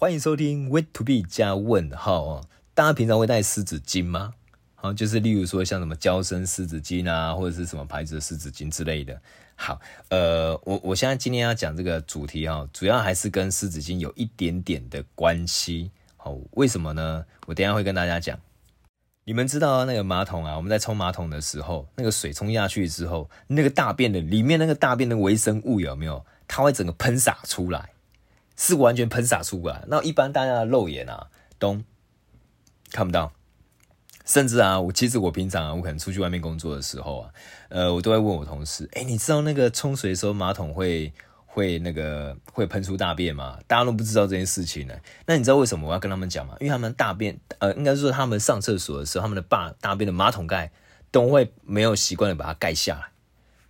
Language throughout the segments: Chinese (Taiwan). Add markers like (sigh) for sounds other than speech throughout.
歡迎收聽《We to day》加問號哦，大家平常會帶濕紙巾嗎？好，就是例如說像什麼嬌生濕紙巾啊，或者是什麼牌子的濕紙巾之類的。好，呃，我我現在今天要講這個主題哈，主要還是跟濕紙巾有一點點的關係。好，為什麼呢？我等一下會跟大家講。你們知道啊，那個馬桶啊，我們在沖馬桶的時候，那個水沖下去之後，那個大便的裡面那個大便的微生物有沒有？它會整個噴灑出來。是完全噴灑出來。那一般大家的肉眼啊，都看不到。甚至啊，我其實我平常啊，我可能出去外面工作的時候啊，呃，我都會問我同事，哎，你知道那個沖水的時候馬桶會會那個會噴出大便嗎？大家都不知道這件事情呢。那你知道為什麼我要跟他們講嗎？因為他們大便，呃，應該說他們上廁所的時候，他們的把大便的馬桶蓋都會沒有習慣的把它蓋下來。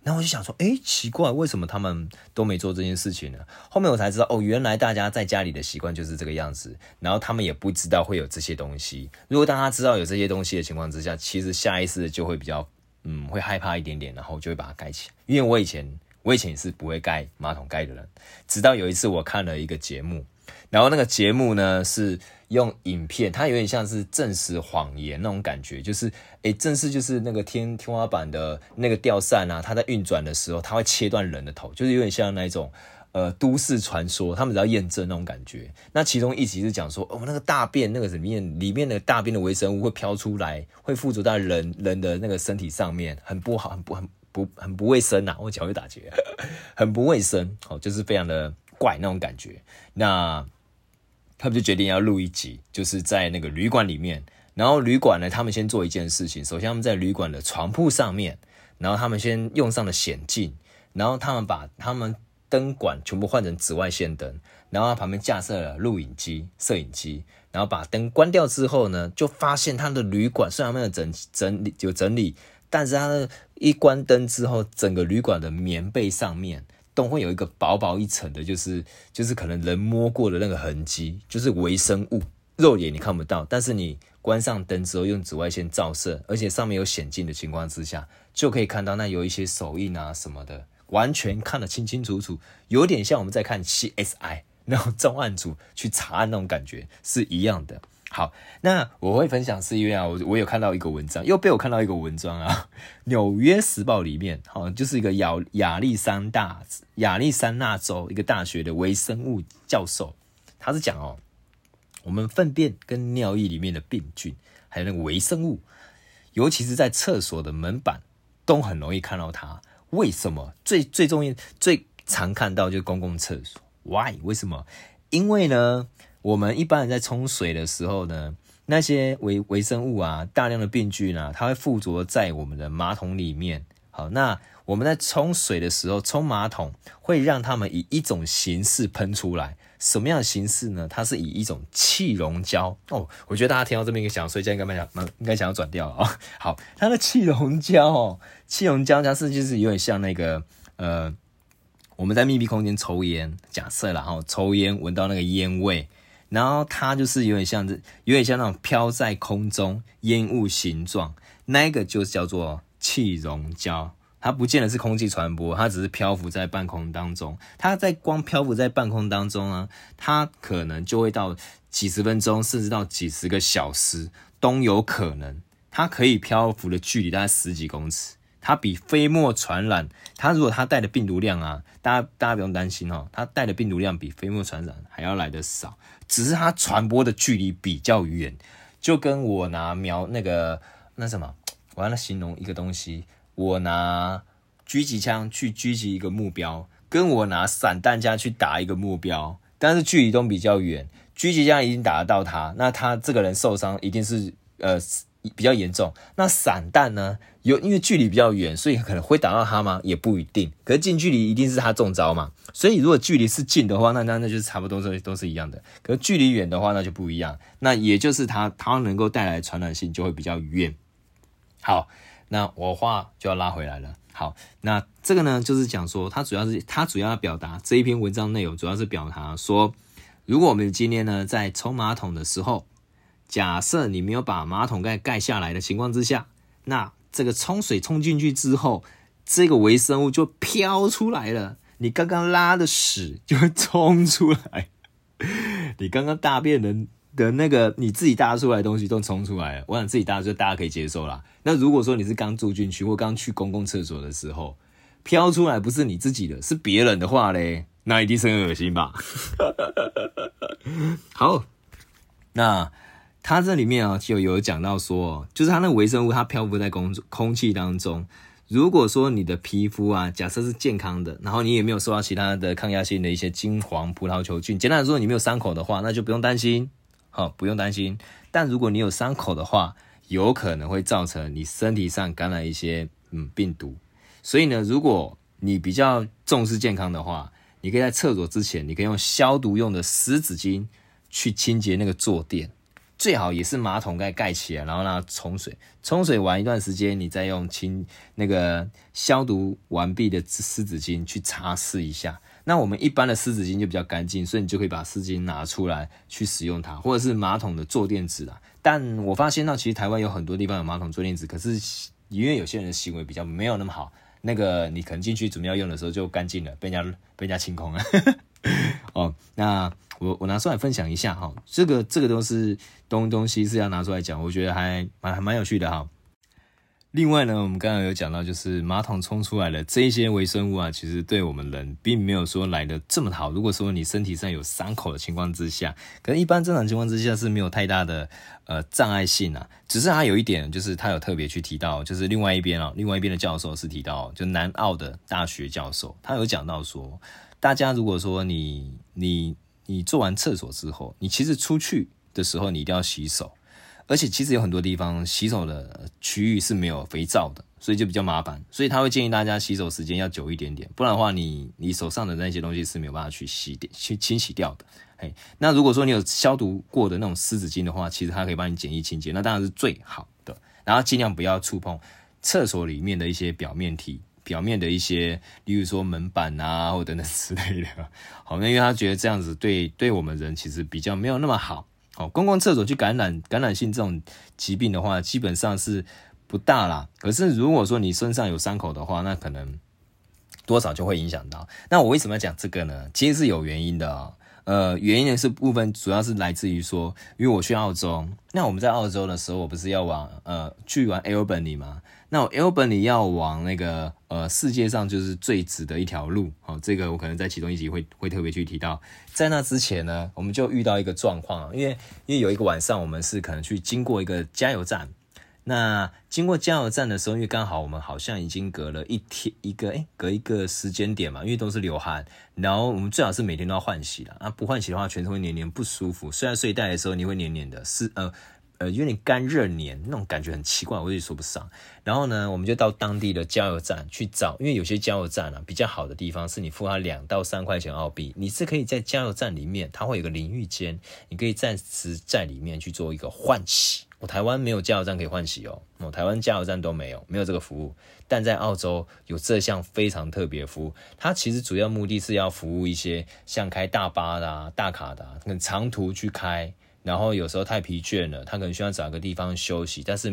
然後我就想說，誒，奇怪，為什麼他們都沒做這件事情呢？後面我才知道，哦，原來大家在家裡的習慣就是這個樣子。然後他們也不知道會有這些東西。如果大家知道有這些東西的情況之下，其實下意識就會比較，嗯，會害怕一點點，然後就會把它蓋起來。因為我以前，我以前也是不會蓋馬桶蓋的人，直到有一次我看了一個節目，然後那個節目呢是。用影片，它有點像是證實謊言那種感覺，就是，哎、欸，正是就是那個天天花板的那個吊扇啊，它在運轉的時候，它會切斷人的頭，就是有點像那種，呃，都市傳說，他們只要驗證那種感覺。那其中一集是講說，哦，那個大便那個裡面裡面的大便的微生物會飄出來，會附着在人人的那個身體上面，很不好，很不很不很不衛生吶，我腳會打結，很不衛生，啊， (laughs) 很不衛生，哦，就是非常的怪那種感覺。那。他們就決定要錄一集，就是在那個旅館裡面。然後旅館呢，他們先做一件事情，首先他們在旅館的床鋪上面，然後他們先用上了顯鏡，然後他們把他們燈管全部換成紫外線燈，然後他旁邊架設了錄影機、攝影機，然後把燈關掉之後呢，就發現他的旅館雖然沒有整整理，有整理，但是他一關燈之後，整個旅館的棉被上面。都會有一個薄薄一層的，就是就是可能人摸過的那個痕跡，就是微生物，肉眼你看不到，但是你關上燈之後用紫外線照射，而且上面有顯鏡的情況之下，就可以看到那有一些手印啊什麼的，完全看得清清楚楚，有點像我們在看 CSI，然後重案組去查案那種感覺是一樣的。好，那我會分享是因為啊，我我有看到一個文章，又被我看到一個文章啊，《紐約時報》裡面哦，就是一個亞亞歷山大亞歷山大州一個大學的微生物教授，他是講哦，我們糞便跟尿液裡面的病菌，還有那個微生物，尤其是在廁所的門板都很容易看到它。為什麼最最重要最常看到就是公共廁所？Why？為什麼？因為呢？我們一般人在沖水的時候呢，那些微微生物啊，大量的病菌啊，它會附着在我們的馬桶裡面。好，那我們在沖水的時候，沖馬桶會讓它們以一種形式噴出來。什麼樣的形式呢？它是以一種氣溶膠哦。我覺得大家聽到這麼一個想，所以現在應該蠻想，應該想要轉掉了啊、哦。好，它的氣溶膠哦，氣溶膠，它是就是有點像那個呃，我們在密閉空間抽煙，假設啦哈，抽煙聞到那個煙味。然後它就是有點像這，有點像那種飄在空中煙霧形狀，那個就叫做氣溶膠。它不見得是空氣傳播，它只是漂浮在半空當中。它在光漂浮在半空當中呢，它可能就會到幾十分鐘，甚至到幾十個小時都有可能。它可以漂浮的距離大概十幾公尺。它比飛沫傳染，它如果它帶的病毒量啊，大家大家不用擔心哦，它帶的病毒量比飛沫傳染還要來得少，只是它傳播的距離比較遠。就跟我拿描那個那什麼，我要形容一個東西，我拿狙擊槍去狙擊一個目標，跟我拿散彈槍去打一個目標，但是距離都比較遠，狙擊槍已經打得到他，那他這個人受傷一定是呃。比較嚴重。那散彈呢？有，因為距離比較遠，所以可能會打到他嗎？也不一定。可是近距離一定是他中招嘛。所以如果距離是近的話，那那那就是差不多都是都是一樣的。可是距離遠的話，那就不一樣。那也就是他他能夠帶來傳染性就會比較遠。好，那我話就要拉回來了。好，那這個呢，就是講說，它主要是它主要表達這一篇文章內容，主要是表達說，如果我們今天呢在沖馬桶的時候。假設你沒有把馬桶蓋蓋下來的情況之下，那這個沖水沖進去之後，這個微生物就飄出來了。你剛剛拉的屎就會沖出來， (laughs) 你剛剛大便人的那個你自己大出來的東西都沖出來了。我想自己大就大家可以接受啦。那如果說你是剛住進去或剛去公共廁所的時候，飄出來不是你自己的是別人的話嘞，那一定是很噁心吧？ (laughs) 好，那。它這裡面啊，就有講到說，就是它那個微生物，它漂浮在空空氣當中。如果說你的皮膚啊，假設是健康的，然後你也沒有受到其他的抗壓性的一些金黃葡萄球菌，簡單來說，你沒有傷口的話，那就不用擔心，好、哦，不用擔心。但如果你有傷口的話，有可能會造成你身體上感染一些嗯病毒。所以呢，如果你比較重視健康的話，你可以在廁所之前，你可以用消毒用的濕紙巾去清潔那個坐墊。最好也是馬桶蓋蓋起來，然後讓它沖水。沖水完一段時間，你再用清那個消毒完畢的濕紙巾去擦拭一下。那我們一般的濕紙巾就比較乾淨，所以你就可以把濕巾拿出來去使用它，或者是馬桶的坐墊紙啊。但我發現到其實台灣有很多地方有馬桶坐墊紙，可是因為有些人的行為比較沒有那麼好，那個你可能進去準備要用的時候就乾淨了，被人家被人家清空了。哦、 (laughs) oh,，那。我我拿出來分享一下哈，這個這個都是東東西是要拿出來講，我覺得還蠻還蠻有趣的哈。另外呢，我們剛剛有講到，就是馬桶沖出來的這些微生物啊，其實對我們人並沒有說來得這麼好。如果說你身體上有傷口的情況之下，可能一般正常情況之下是沒有太大的呃障礙性啊。只是他有一點，就是他有特別去提到，就是另外一邊啊，另外一邊的教授是提到，就南澳的大學教授，他有講到說，大家如果說你你。你做完廁所之後，你其實出去的時候你一定要洗手，而且其實有很多地方洗手的區域是沒有肥皂的，所以就比較麻煩，所以他會建議大家洗手時間要久一點點，不然的話你你手上的那些東西是沒有辦法去洗去清洗掉的。嘿，那如果說你有消毒過的那種濕紙巾的話，其實它可以幫你簡易清潔，那當然是最好的。然後盡量不要觸碰廁所裡面的一些表面體。表面的一些，例如說門板啊，或者等等之類的，好，那因為他覺得這樣子對對我們人其實比較沒有那麼好。好，公共廁所去感染感染性這種疾病的話，基本上是不大啦。可是如果說你身上有傷口的話，那可能多少就會影響到。那我為什麼要講這個呢？其實是有原因的哦。呃，原因呢是部分主要是來自於說，因為我去澳洲，那我們在澳洲的時候，我不是要往呃去玩 Albany 嗎？那我原本你要往那個呃世界上就是最直的一條路，好、哦，這個我可能在其中一集會會特別去提到。在那之前呢，我們就遇到一個狀況，因為因為有一個晚上我們是可能去經過一個加油站，那經過加油站的時候，因為剛好我們好像已經隔了一天一個誒、欸，隔一個時間點嘛，因為都是流汗，然後我們最好是每天都要換洗了那、啊、不換洗的話全身會黏黏不舒服。雖然睡袋的時候你會黏黏的，是呃。有點乾熱年那種感覺很奇怪，我也說不上。然後呢，我們就到當地的加油站去找，因為有些加油站啊比較好的地方，是你付他兩到三塊錢澳幣，你是可以在加油站裡面，它會有個淋浴間，你可以暫時在裡面去做一個換洗。我、哦、台灣沒有加油站可以換洗哦，我、哦、台灣加油站都沒有，沒有這個服務。但在澳洲有這項非常特別服務，它其實主要目的是要服務一些像開大巴的、啊、大卡的、啊、跟長途去開。然後有時候太疲倦了，他可能需要找個地方休息，但是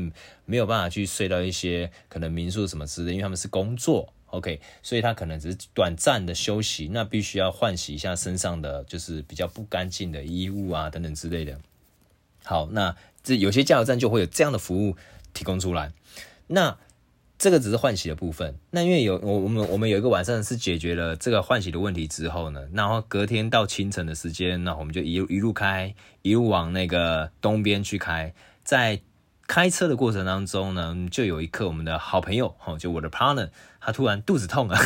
沒有辦法去睡到一些可能民宿什麼之類，因為他們是工作，OK，所以他可能只是短暫的休息，那必須要換洗一下身上的就是比較不乾淨的衣物啊等等之類的。好，那這有些加油站就會有這樣的服務提供出來，那。這個只是換洗的部分。那因為有我我們我們有一個晚上是解決了這個換洗的問題之後呢，然後隔天到清晨的時間，那我們就一路一路開一路往那個東邊去開。在開車的過程當中呢，就有一刻我們的好朋友哈，就我的 partner，他突然肚子痛啊，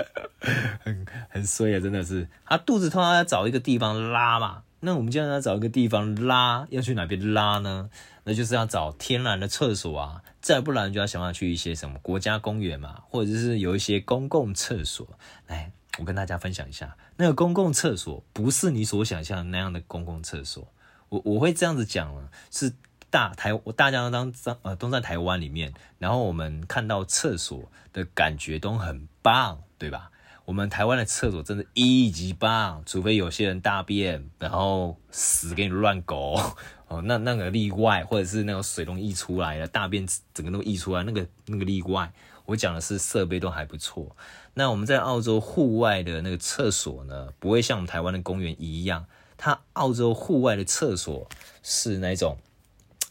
(laughs) 很很衰啊，真的是他肚子痛，他要找一個地方拉嘛。那我們既然要找一個地方拉，要去哪邊拉呢？那就是要找天然的廁所啊。再不然就要想要去一些什麼國家公園嘛，或者是有一些公共廁所。來，我跟大家分享一下，那個公共廁所不是你所想象那樣的公共廁所。我我會這樣子講了，是大台，我大家都當呃都在台灣裡面，然後我們看到廁所的感覺都很棒，對吧？我們台灣的廁所真的一級棒，除非有些人大便然後屎給你亂搞。那那個例外，或者是那種水龍溢出來了，大便整個都溢出來，那個那個例外，我講的是設備都還不錯。那我們在澳洲戶外的那個廁所呢，不會像我們台灣的公園一樣，它澳洲戶外的廁所是那一種，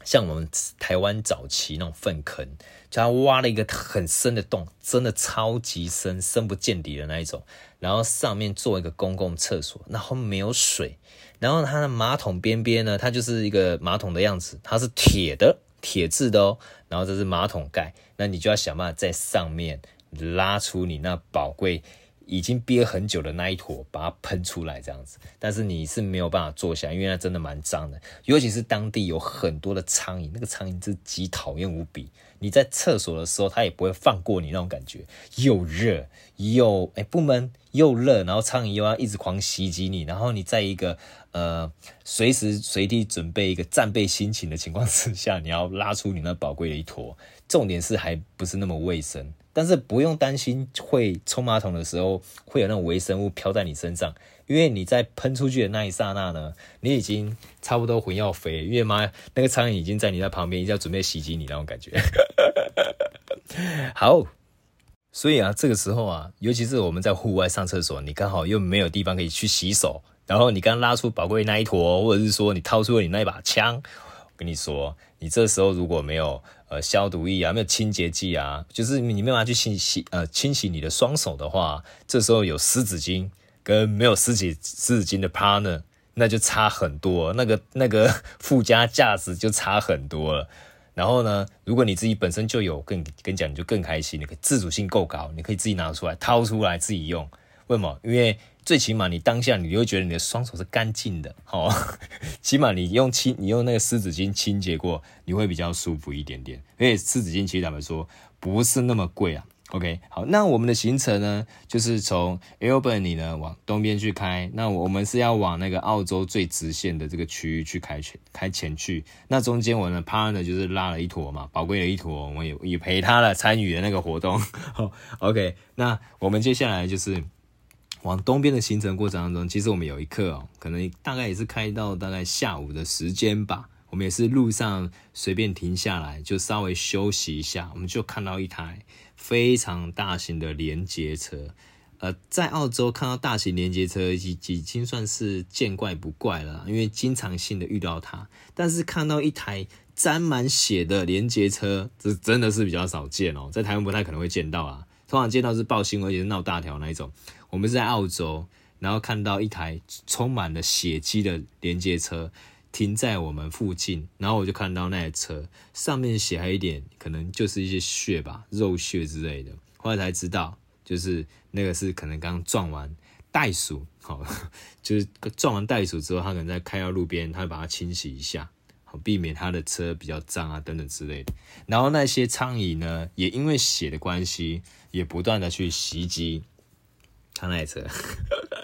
像我們台灣早期那種糞坑，就它挖了一個很深的洞，真的超級深，深不見底的那一種，然後上面做一個公共廁所，然後沒有水。然後它的馬桶邊邊呢，它就是一個馬桶的樣子，它是鐵的，鐵制的哦。然後這是馬桶蓋，那你就要想辦法在上面拉出你那寶貴已經憋很久的那一坨，把它噴出來這樣子。但是你是沒有辦法坐下來，因為它真的蠻髒的，尤其是當地有很多的蒼蠅，那個蒼蠅是極討厭無比。你在廁所的時候，它也不會放過你那種感覺，又熱又誒不悶。又熱，然後蒼蠅又要一直狂襲擊你，然後你在一個呃隨時隨地準備一個戰備心情的情況之下，你要拉出你那寶貴的一坨。重點是還不是那麼衛生，但是不用擔心會沖馬桶的時候會有那種微生物飄在你身上，因為你在噴出去的那一剎那呢，你已經差不多魂要飛，因為媽那個蒼蠅已經在你在旁邊，一直要準備襲擊你那種感覺。 (laughs) 好。所以啊，這個時候啊，尤其是我們在戶外上廁所，你剛好又沒有地方可以去洗手，然後你剛拉出寶貴那一坨，或者是說你掏出了你那一把槍，我跟你說，你這時候如果沒有呃消毒液啊，沒有清潔劑啊，就是你沒辦法去清洗，洗呃清洗你的雙手的話，這時候有濕紙巾跟沒有濕紙濕紙巾的 partner，那就差很多，那個那個附加價值就差很多了。然後呢，如果你自己本身就有更跟你講，你就更開心。你可以自主性夠高，你可以自己拿出來掏出來自己用。為什麼？因為最起碼你當下你就會覺得你的雙手是乾淨的，哦， (laughs) 起碼你用清你用那個濕紙巾清潔過，你會比較舒服一點點。因為濕紙巾其實坦白說不是那麼貴啊。OK，好，那我們的行程呢，就是從 Albany 呢往東邊去開。那我們是要往那個澳洲最直線的這個區域去開去開前去。那中間我呢 partner 就是拉了一坨嘛，寶貴了一坨，我們也也陪他了，參與了那個活動。 (laughs) OK，那我們接下來就是往東邊的行程過程當中，其實我們有一刻哦、喔，可能大概也是開到大概下午的時間吧。我們也是路上隨便停下來，就稍微休息一下，我們就看到一台。非常大型的連接車，呃，在澳洲看到大型連接車已已經算是見怪不怪了，因為經常性的遇到它。但是看到一台沾滿血的連接車，這真的是比較少見哦、喔，在台灣不太可能會見到啊。通常見到是報新聞也是鬧大條那一種。我們是在澳洲，然後看到一台充滿了血跡的連接車。停在我們附近，然後我就看到那台車上面寫一點，可能就是一些血吧，肉血之類的。後來才知道，就是那個是可能剛撞完袋鼠，好，就是撞完袋鼠之後，他可能在開到路邊，他會把它清洗一下，好避免他的車比較髒啊等等之類的。然後那些蒼蠅呢，也因為血的關係，也不斷的去襲擊他那台車，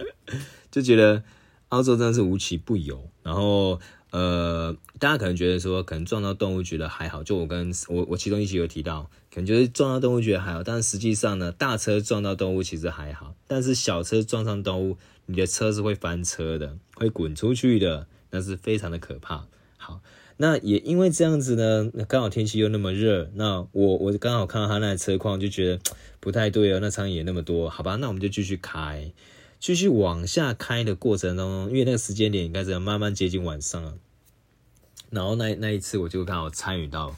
(laughs) 就覺得澳洲真的是無奇不有。然後。呃，大家可能覺得說，可能撞到動物覺得還好。就我跟我我其中一期有提到，可能就是撞到動物覺得還好。但實際上呢，大車撞到動物其實還好，但是小車撞上動物，你的車是會翻車的，會滾出去的，那是非常的可怕。好，那也因為這樣子呢，剛好天氣又那麼熱，那我我剛好看到他那車況就覺得不太對了哦。那蒼蠅也那麼多，好吧，那我們就繼續開。繼續往下開的過程當中，因為那個時間點應該是要慢慢接近晚上了，然後那那一次我就剛好參與到，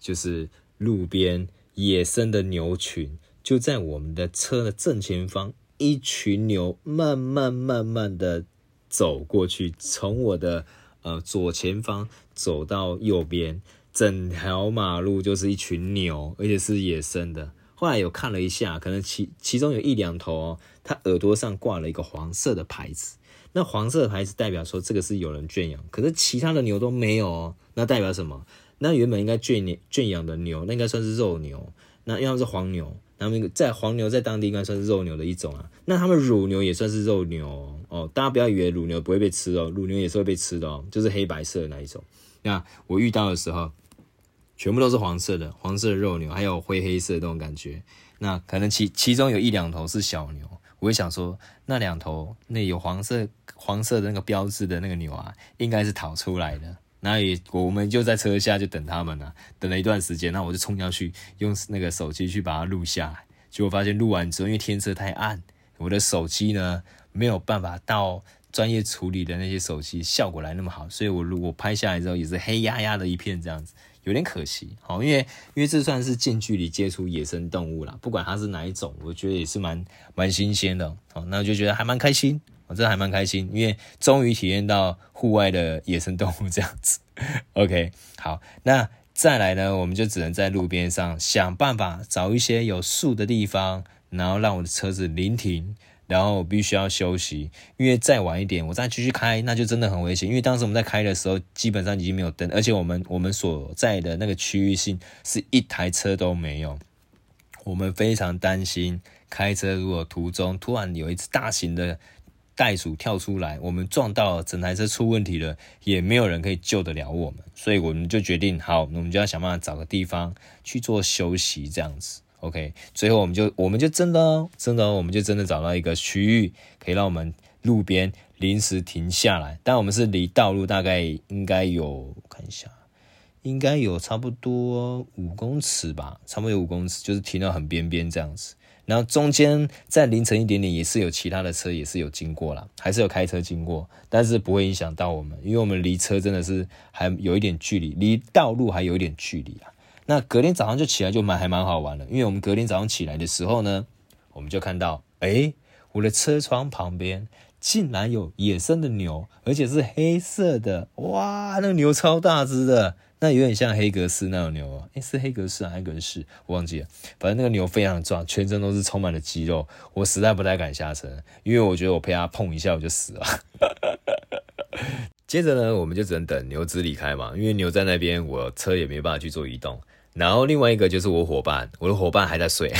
就是路邊野生的牛群，就在我們的車的正前方，一群牛慢慢慢慢的走過去，從我的呃左前方走到右邊，整條馬路就是一群牛，而且是野生的。後來有看了一下，可能其其中有一兩頭哦，它耳朵上掛了一個黃色的牌子，那黃色的牌子代表說這個是有人圈養，可是其他的牛都沒有哦，那代表什麼？那原本應該圈圈養的牛，那應該算是肉牛，那因為它是黃牛，那麼在黃牛在當地應該算是肉牛的一種啊，那他們乳牛也算是肉牛哦，哦，大家不要以為乳牛不會被吃哦，乳牛也是會被吃的哦，就是黑白色的那一種，那我遇到的時候。全部都是黃色的，黃色的肉牛，還有灰黑色的這種感覺。那可能其其中有一兩頭是小牛，我會想說，那兩頭那有黃色黃色的那個標誌的那個牛啊，應該是逃出來的。那也我們就在車下就等他們了啊，等了一段時間，那我就衝上去用那個手機去把它錄下來。結果發現錄完之後，因為天色太暗，我的手機呢沒有辦法到專業處理的那些手機效果來那麼好，所以我如果拍下來之後也是黑壓壓的一片這樣子。有點可惜，因為，因為這算是近距離接觸野生動物了，不管它是哪一種，我覺得也是蠻新鮮的，那我就覺得還蠻開心，真的還蠻開心，因為終於體驗到戶外的野生動物這樣子，OK，好，那再來呢，我們就只能在路邊上想辦法找一些有樹的地方，然後讓我的車子臨停。然後必須要休息，因為再晚一點，我再繼續開，那就真的很危險。因為當時我們在開的時候，基本上已經沒有燈，而且我們我們所在的那個區域性是一台車都沒有，我們非常擔心開車如果途中突然有一隻大型的袋鼠跳出來，我們撞到了整台車出問題了，也沒有人可以救得了我們，所以我們就決定，好，我們就要想辦法找個地方去做休息，這樣子。OK，最後我們就我們就真的、喔、真的、喔、我們就真的找到一個區域，可以讓我們路邊臨時停下來。但我們是離道路大概應該有，我看一下，應該有差不多五公尺吧，差不多有五公尺，就是停到很邊邊這樣子。然後中間在凌晨一點點也是有其他的車也是有經過啦，還是有開車經過，但是不會影響到我們，因為我們離車真的是還有一點距離，離道路還有一點距離啊。那隔天早上就起來就蠻還蠻好玩的，因為我們隔天早上起來的時候呢，我們就看到，哎、欸，我的車窗旁邊竟然有野生的牛，而且是黑色的，哇，那個牛超大隻的，那有點像黑格斯那種牛啊、喔，哎、欸，是黑格斯還、啊、是黑格斯？我忘記了，反正那個牛非常的壯，全身都是充滿了肌肉，我實在不太敢下車，因為我覺得我被它碰一下我就死了。 (laughs) 接着呢，我們就只能等牛隻離開嘛，因為牛在那邊，我車也沒辦法去做移動。然後另外一個就是我夥伴，我的夥伴還在睡， (laughs)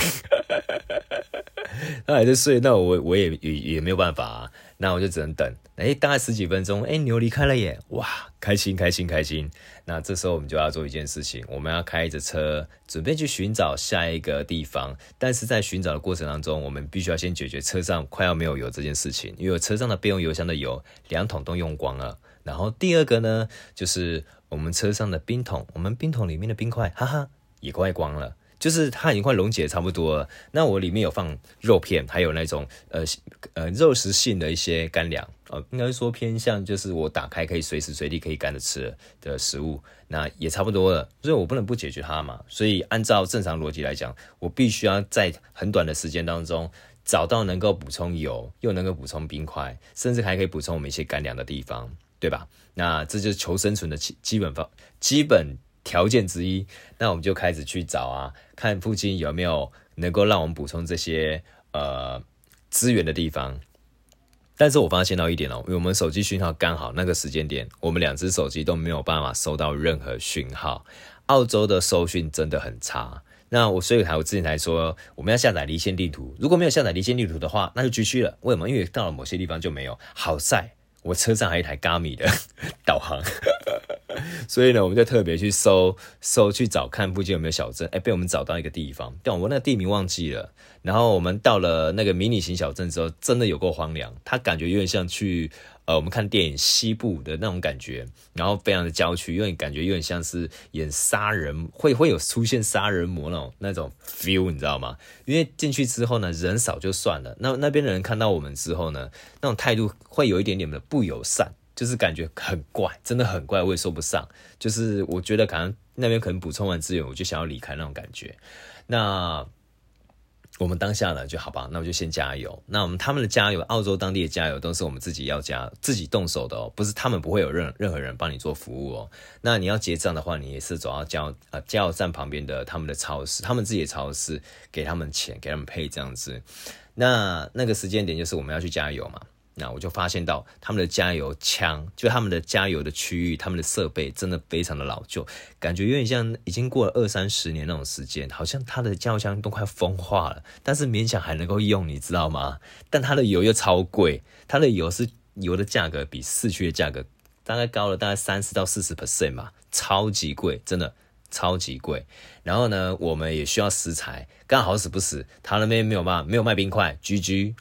他還在睡，那我我也也也沒有辦法啊，那我就只能等。誒，大概十幾分鐘誒，牛離開了耶，哇，開心開心開心！那這時候我們就要做一件事情，我們要開着車準備去尋找下一個地方。但是在尋找的過程當中，我們必須要先解決車上快要沒有油這件事情，因為車上的備用油箱的油兩桶都用光了。然後第二個呢，就是。我們車上的冰桶，我們冰桶裡面的冰塊，哈哈，也快光了，就是它已經快溶解差不多了。那我裡面有放肉片，還有那種呃呃肉食性的一些乾糧，呃，應該說偏向就是我打開可以隨時隨地可以乾着吃的的食物，那也差不多了。所以我不能不解決它嘛。所以按照正常邏輯來講，我必須要在很短的時間當中找到能夠補充油，又能夠補充冰塊，甚至還可以補充我們一些乾糧的地方，對吧？那這就是求生存的基基本方基本條件之一。那我們就開始去找啊，看附近有沒有能夠讓我們補充這些呃資源的地方。但是我發現到一點哦，因為我們手機訊號剛好那個時間點，我們兩隻手機都沒有辦法收到任何訊號。澳洲的收訊真的很差。那我所以才我之前才說，我們要下載離線地圖。如果沒有下載離線地圖的話，那就繼續了。為什麼？因為到了某些地方就沒有。好在。我車上還有一台 Gami 的導航， (laughs) 所以呢，我們就特別去搜搜去找看附近有沒有小鎮。哎、欸，被我們找到一個地方，但我那個地名忘記了。然後我們到了那個迷你型小鎮之後，真的有夠荒涼，他感覺有點像去。呃，我們看電影西部的那種感覺，然後非常的郊區，因為感覺有點像是演殺人，會會有出現殺人魔那種那種 feel，你知道嗎？因為進去之後呢，人少就算了，那那邊的人看到我們之後呢，那種態度會有一點點的不友善，就是感覺很怪，真的很怪，我也說不上，就是我覺得可能那邊可能補充完資源，我就想要離開那種感覺，那。我們當下呢，就好吧，那我就先加油。那我們他們的加油，澳洲當地的加油都是我們自己要加，自己動手的哦、喔，不是他們不會有任任何人幫你做服務哦、喔。那你要結賬的話，你也是走到加呃加油站旁邊的他們的超市，他們自己的超市給他們錢，給他們配這樣子。那那個時間點就是我們要去加油嘛。那我就發現到他們的加油槍，就他們的加油的區域，他們的設備真的非常的老舊，感覺有點像已經過了二三十年那種時間，好像它的加油槍都快風化了，但是勉強還能夠用，你知道嗎？但它的油又超貴，它的油是油的價格比市區的價格大概高了大概三十到四十 percent 嘛，超級貴，真的。超級貴，然後呢，我們也需要食材。剛好死不死，他那邊沒有辦法，沒有賣冰塊，GG，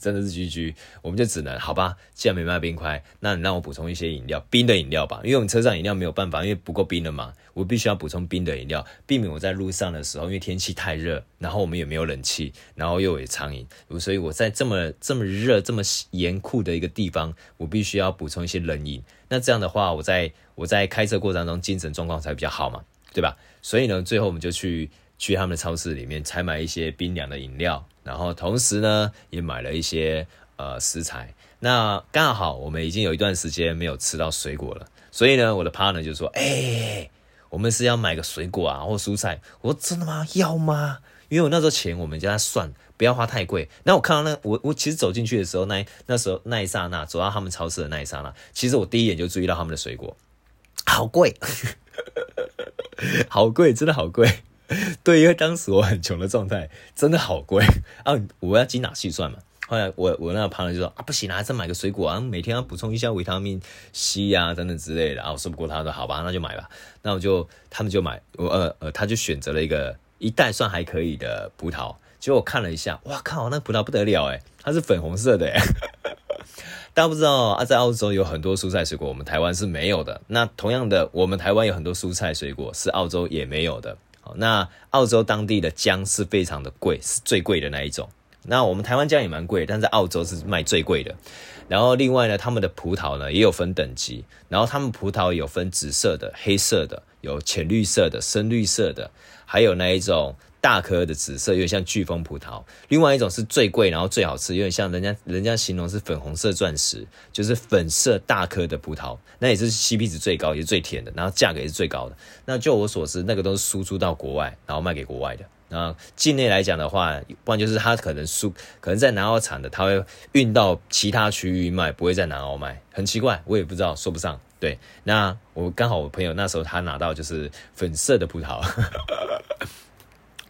真的是 GG。我們就只能好吧，既然沒賣冰塊，那你讓我補充一些飲料，冰的飲料吧。因為我們車上飲料沒有辦法，因為不夠冰的嘛，我必須要補充冰的飲料，避免我在路上的時候，因為天氣太熱，然後我們也沒有冷氣，然後又有蒼蠅，所以我在這麼這麼熱、這麼嚴酷的一個地方，我必須要補充一些冷飲。那這樣的話，我在我在開車過程中，精神狀況才比較好嘛。對吧？所以呢，最後我們就去去他們的超市裡面採買一些冰涼的飲料，然後同時呢，也買了一些呃食材。那剛好我們已經有一段時間沒有吃到水果了，所以呢，我的 partner 就說：“哎、欸，我們是要買個水果啊，或蔬菜。”我說：“真的嗎？要嗎？”因為我那時候錢我們家算不要花太貴。那我看到那個、我我其實走進去的時候，那那時候那一剎那走到他們超市的那一剎那，其實我第一眼就注意到他們的水果。好貴， (laughs) 好貴，真的好貴。 (laughs) 對，因為當時我很窮的狀態，真的好貴 (laughs) 啊！我要精打細算嘛。後來我我那個朋友就說：“啊，不行啊，再買個水果啊，每天要補充一下維他命 C 啊，等等之類的啊。”我說不過他，說好吧，那就買吧。那我就他們就買我呃呃，他就選擇了一個一袋算還可以的葡萄。結果我看了一下，哇靠，那葡萄不得了哎，它是粉紅色的哎。 (laughs) 大家不知道啊，在澳洲有很多蔬菜水果，我們台灣是沒有的。那同樣的，我們台灣有很多蔬菜水果是澳洲也沒有的。好，那澳洲當地的薑是非常的貴，是最貴的那一種。那我們台灣薑也蠻貴，但在澳洲是賣最貴的。然後另外呢，他們的葡萄呢也有分等級，然後他們葡萄有分紫色的、黑色的、有淺綠色的、深綠色的，還有那一種。大顆的紫色有點像巨峰葡萄，另外一種是最貴然後最好吃，有點像人家人家形容是粉紅色鑽石，就是粉色大顆的葡萄，那也是 CP 值最高也是最甜的，然後價格也是最高的。那就我所知，那個都是輸出到國外然後賣給國外的。那境內來講的話，不然就是他可能輸，可能在南澳產的，他會運到其他區域賣，不會在南澳賣。很奇怪，我也不知道說不上。對，那我剛好我朋友那時候他拿到就是粉色的葡萄。 (laughs)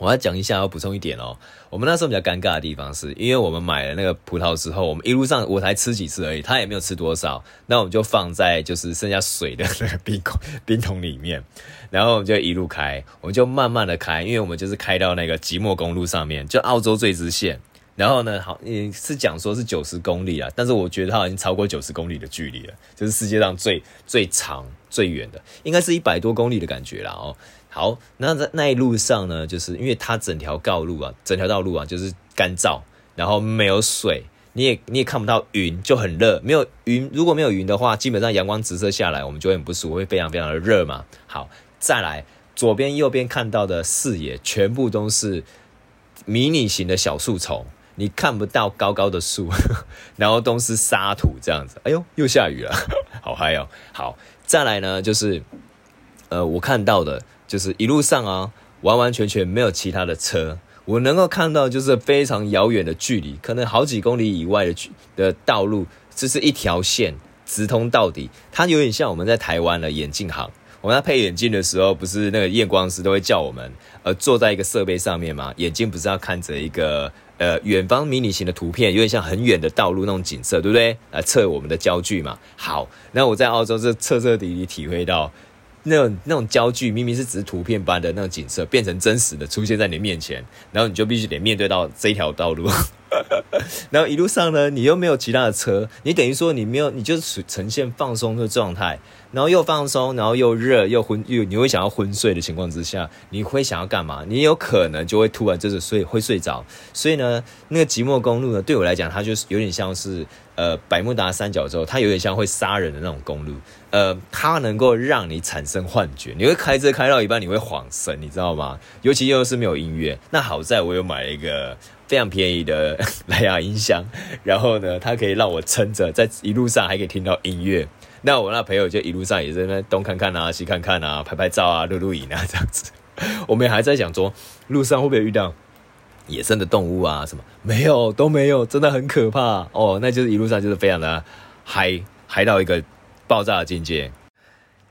我要講一下，要補充一點哦、喔。我們那時候比較尷尬的地方是，是因為我們買了那個葡萄之後，我們一路上我才吃幾次而已，他也沒有吃多少。那我們就放在就是剩下水的那個冰桶冰桶裡面，然後我們就一路開，我們就慢慢的開，因為我們就是開到那個寂寞公路上面，就澳洲最直線。然後呢，好，你是講說是九十公里啊，但是我覺得它已經超過九十公里的距離了，就是世界上最最長最遠的，應該是一百多公里的感覺了哦、喔。好，那在那一路上呢，就是因為它整條道路啊，整條道路啊，就是乾燥，然後沒有水，你也你也看不到雲，就很熱，沒有雲，如果沒有雲的話，基本上陽光直射下來，我們就會很不舒服，會非常非常的熱嘛。好，再來左邊右邊看到的視野全部都是迷你型的小樹叢，你看不到高高的樹，然後都是沙土這樣子。哎呦，又下雨了，好嗨哦。好，再來呢，就是呃，我看到的。就是一路上啊，完完全全沒有其他的車，我能夠看到就是非常遙遠的距離，可能好幾公里以外的距的道路，這、就是一條線直通到底，它有點像我們在台灣的眼鏡行，我們在配眼鏡的時候，不是那個驗光師都會叫我們呃坐在一個設備上面嘛，眼睛不是要看着一個呃遠方迷你型的圖片，有點像很遠的道路那種景色，對不對？來測我們的焦距嘛。好，那我在澳洲是徹徹底底體會到。那種那種焦距，明明是只是圖片般的那種景色，變成真實的出現在你面前，然後你就必須得面對到這條道路， (laughs) 然後一路上呢，你又沒有其他的車，你等於說你沒有，你就是呈現放鬆的狀態，然後又放鬆，然後又熱，又昏，又你會想要昏睡的情況之下，你會想要幹嘛？你有可能就會突然就是睡會睡着，所以呢，那個寂寞公路呢，對我來講，它就是有點像是。呃，百慕達三角洲，它有點像會殺人的那種公路。呃，它能夠讓你產生幻覺，你會開車開到一半，你會晃神，你知道嗎？尤其又是沒有音樂。那好在我有買一個非常便宜的藍牙音箱，然後呢，它可以讓我撐着在一路上還可以聽到音樂。那我那朋友就一路上也是在那東看看啊，西看看啊，拍拍照啊，錄錄影啊這樣子。我們還在想說，路上會不會遇到？野生的動物啊，什麼沒有都沒有，真的很可怕哦。那就是一路上就是非常的嗨，嗨到一個爆炸的境界。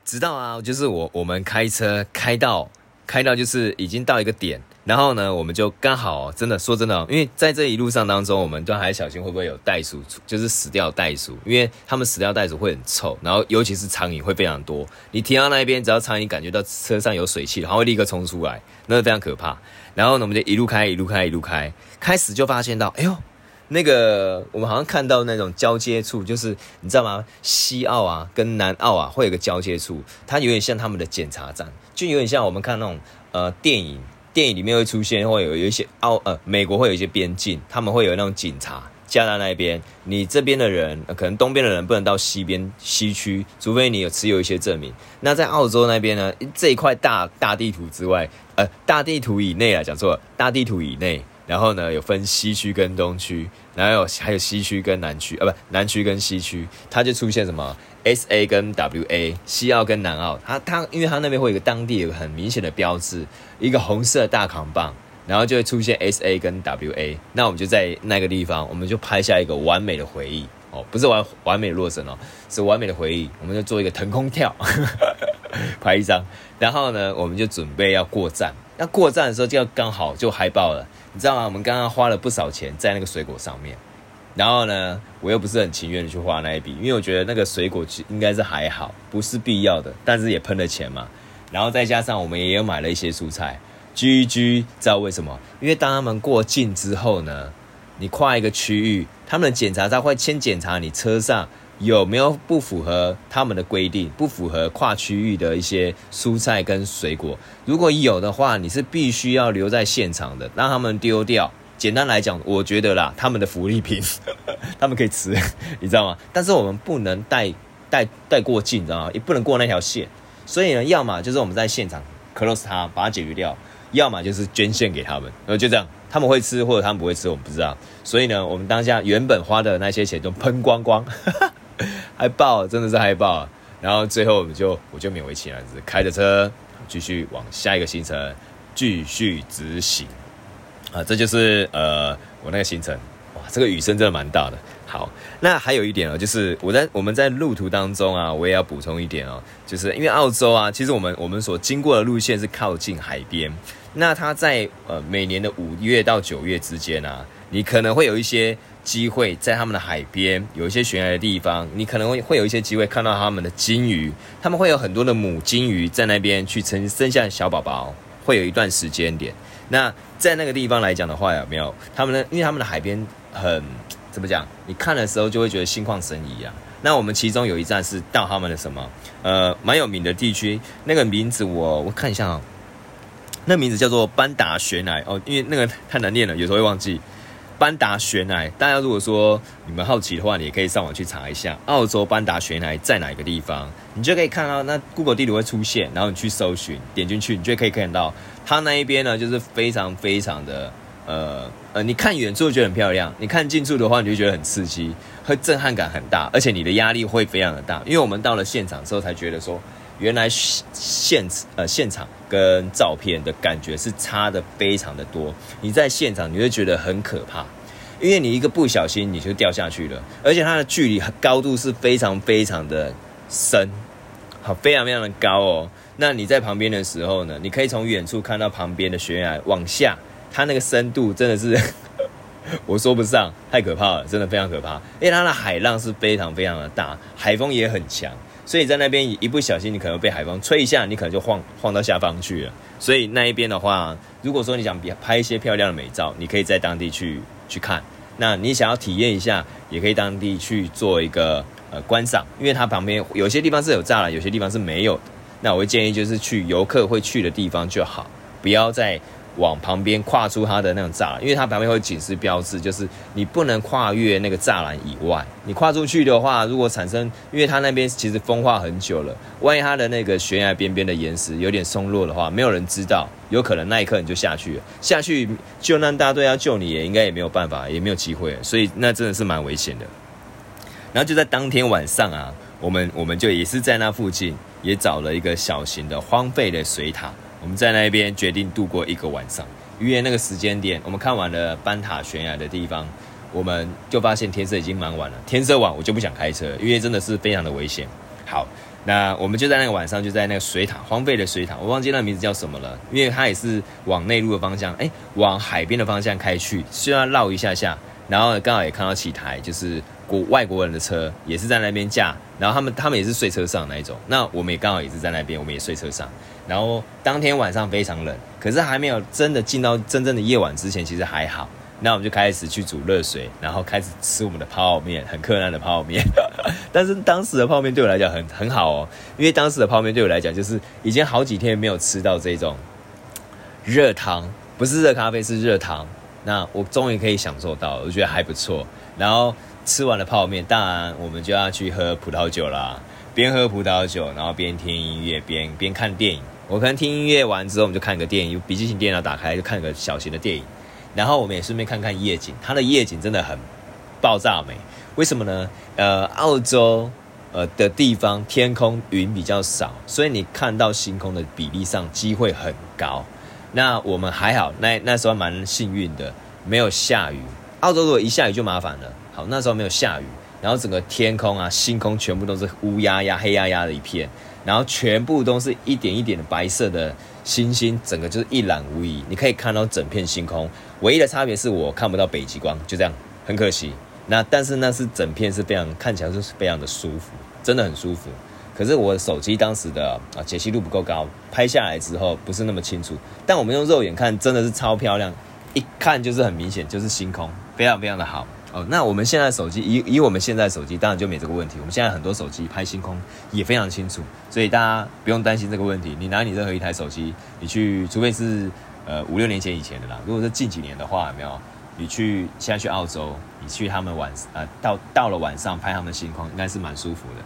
直到啊，就是我我們開車開到開到就是已經到一個點，然後呢，我們就剛好真的說真的，因為在這一路上當中，我們都還小心會不會有袋鼠，就是死掉的袋鼠，因為他們死掉的袋鼠會很臭，然後尤其是蒼蠅會非常多。你停到那一邊，只要蒼蠅感覺到車上有水汽，然後會立刻衝出來，那是非常可怕。然後呢，我們就一路開，一路開，一路開，開始就發現到，哎呦，那個我們好像看到那種交接處，就是你知道嗎？西澳啊跟南澳啊會有個交接處，它有點像他們的檢查站，就有點像我們看那種呃電影，電影裡面會出現，會有有一些澳呃美國會有一些邊境，他們會有那種警察。加拿大那邊，你這邊的人、呃、可能東邊的人不能到西邊西區，除非你有持有一些證明。那在澳洲那邊呢？這一塊大大地圖之外，呃，大地圖以內啊，講錯了，大地圖以內，然後呢有分西區跟東區，然後有還有西區跟南區啊，不、呃，南區跟西區，它就出現什麼 S A 跟 W A，西澳跟南澳，它它因為它那邊會有一個當地有個很明顯的標誌，一個紅色的大扛棒。然後就會出現 S A 跟 W A，那我們就在那個地方，我們就拍下一個完美的回憶哦，不是完完美的落枕哦，是完美的回憶，我們就做一個騰空跳， (laughs) 拍一張。然後呢，我們就準備要過站，那過站的時候就要剛好就嗨爆了。你知道嗎？我們剛剛花了不少錢在那個水果上面，然後呢，我又不是很情願的去花的那一筆，因為我覺得那個水果應該是還好，不是必要的，但是也噴了錢嘛。然後再加上我們也有買了一些蔬菜。居居，GG，知道為什麼？因為當他們過境之後呢，你跨一個區域，他們的檢查站會先檢查你車上有沒有不符合他們的規定、不符合跨區域的一些蔬菜跟水果。如果有的話，你是必須要留在現場的，讓他們丟掉。簡單來講，我覺得啦，他們的福利品，呵呵，他們可以吃，你知道嗎？但是我們不能帶帶帶過境，知道嗎？也不能過那條線。所以呢，要麼就是我們在現場 close 它，把它解決掉。要麼就是捐獻給他們，然後就這樣，他們會吃或者他們不會吃，我們不知道。所以呢，我們當下原本花的那些錢都噴光光，哈哈嗨爆，真的是嗨爆。然後最後，我們就我就勉為其難，只是開着車繼續往下一個行程繼續執行啊。這就是呃我那個行程哇，這個雨聲真的蠻大的。好，那還有一點哦，就是我在我們在路途當中啊，我也要補充一點哦，就是因為澳洲啊，其實我們我們所經過的路線是靠近海邊。那它在呃每年的五月到九月之間啊，你可能會有一些機會，在他們的海邊有一些懸崖的地方，你可能會會有一些機會看到他們的鯨魚，他們會有很多的母鯨魚在那邊去生生下的小寶寶，哦，會有一段時間點。那在那個地方來講的話有沒有他們的，因為他們的海邊很怎麼講？你看的時候就會覺得心曠神怡啊。那我們其中有一站是到他們的什麼？呃，蠻有名的地區，那個名字我我看一下啊。那名字叫做班達懸崖哦，因為那個太難念了，有時候會忘記。班達懸崖，大家如果說你們好奇的話，你也可以上網去查一下，澳洲班達懸崖在哪個地方，你就可以看到那 Google 地圖會出現，然後你去搜尋，點進去，你就可以看到它那一邊呢，就是非常非常的，呃呃，你看遠處就覺得很漂亮，你看近處的話，你就覺得很刺激，會震撼感很大，而且你的壓力會非常的大，因為我們到了現場之後才覺得說。原來現呃現場跟照片的感覺是差的非常的多。你在現場，你會覺得很可怕，因為你一個不小心你就掉下去了，而且它的距離高度是非常非常的深，好，非常非常的高哦。那你在旁邊的時候呢，你可以從遠處看到旁邊的懸崖往下，它那個深度真的是 (laughs) 我說不上，太可怕了，真的非常可怕。因為它的海浪是非常非常的大，海風也很強。所以在那邊一不小心，你可能被海風吹一下，你可能就晃晃到下方去了。所以那一邊的話，如果說你想拍一些漂亮的美照，你可以在當地去去看。那你想要體驗一下，也可以當地去做一個呃觀賞，因為它旁邊有些地方是有柵欄，有些地方是沒有的。那我會建議就是去遊客會去的地方就好，不要再往旁邊跨出它的那種柵欄，因為它旁邊會警示標誌，就是你不能跨越那個柵欄以外。你跨出去的話，如果產生，因為它那邊其實風化很久了，萬一它的那個懸崖邊邊的岩石有點鬆落的話，沒有人知道，有可能那一刻你就下去了，下去救難大隊要救你也應該也沒有辦法，也沒有機會，所以那真的是蠻危險的。然後就在當天晚上啊，我們我們就也是在那附近也找了一個小型的荒廢的水塔。我們在那邊決定度過一個晚上，因為那個時間點，我們看完了班達懸崖的地方，我們就發現天色已經蠻晚了。天色晚，我就不想開車，因為真的是非常的危險。好，那我們就在那個晚上，就在那個水塔荒廢的水塔，我忘記那名字叫什麼了，因為它也是往內陸的方向，哎，往海邊的方向開去，雖然繞一下下，然後剛好也看到起台，就是。外國人的車也是在那邊駕，然後他們他們也是睡車上那一種。那我們也剛好也是在那邊，我們也睡車上。然後當天晚上非常冷，可是還沒有真的進到真正的夜晚之前，其實還好。那我們就開始去煮熱水，然後開始吃我們的泡麵，很克難的泡麵。 (laughs) 但是當時的泡麵對我來講很很好哦，因為當時的泡麵對我來講就是已經好幾天沒有吃到這種熱湯，不是熱咖啡是熱湯。那我終於可以享受到，我覺得還不錯。然後。吃完了泡麵，當然我們就要去喝葡萄酒啦、啊。邊喝葡萄酒，然後邊聽音樂，邊邊看電影。我可能聽音樂完之後，我們就看個電影，用筆記型電腦打開就看個小型的電影。然後我們也順便看看夜景，它的夜景真的很爆炸美。為什麼呢？呃，澳洲呃的地方天空雲比較少，所以你看到星空的比例上機會很高。那我們還好，那那時候蠻幸運的，沒有下雨。澳洲如果一下雨就麻煩了。好，那時候沒有下雨，然後整個天空啊，星空全部都是烏壓壓、黑壓壓的一片，然後全部都是一點一點的白色的星星，整個就是一覽無遺。你可以看到整片星空，唯一的差別是我看不到北極光，就這樣，很可惜。那但是那是整片是非常看起來就是非常的舒服，真的很舒服。可是我的手機當時的啊解析度不夠高，拍下來之後不是那麼清楚。但我們用肉眼看真的是超漂亮，一看就是很明顯就是星空，非常非常的好。哦，那我們現在的手機以以我們現在的手機當然就沒這個問題。我們現在很多手機拍星空也非常清楚，所以大家不用擔心這個問題。你拿你任何一台手機，你去，除非是呃五六年前以前的啦。如果是近幾年的話，有沒有，你去現在去澳洲，你去他們晚啊、呃，到到了晚上拍他們星空，應該是蠻舒服的，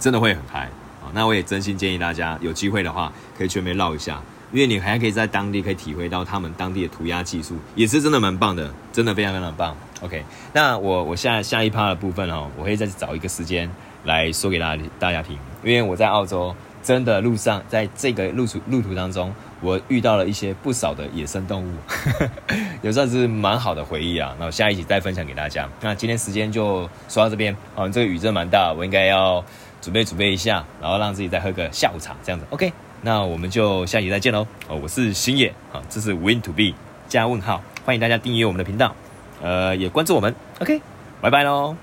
真的會很嗨。啊，那我也真心建議大家有機會的話，可以去那邊繞一下，因為你還可以在當地可以體會到他們當地的塗鴉技術，也是真的蠻棒的，真的非常非常棒。OK，那我我下下一趴的部分哦，我會再找一個時間來說給大家大家聽，因為我在澳洲真的路上在這個路途路途當中，我遇到了一些不少的野生動物，也 (laughs) 算是蠻好的回憶啊。那我下一期再分享給大家。那今天時間就說到這邊，哦，這個雨真的蠻大，我應該要準備準備一下，然後讓自己再喝個下午茶這樣子。OK，那我們就下期再見嘍。哦，我是星野，啊、哦，這是 We To Day 加問號，歡迎大家訂閱我們的頻道。呃，也關注我們，OK，拜拜嘍。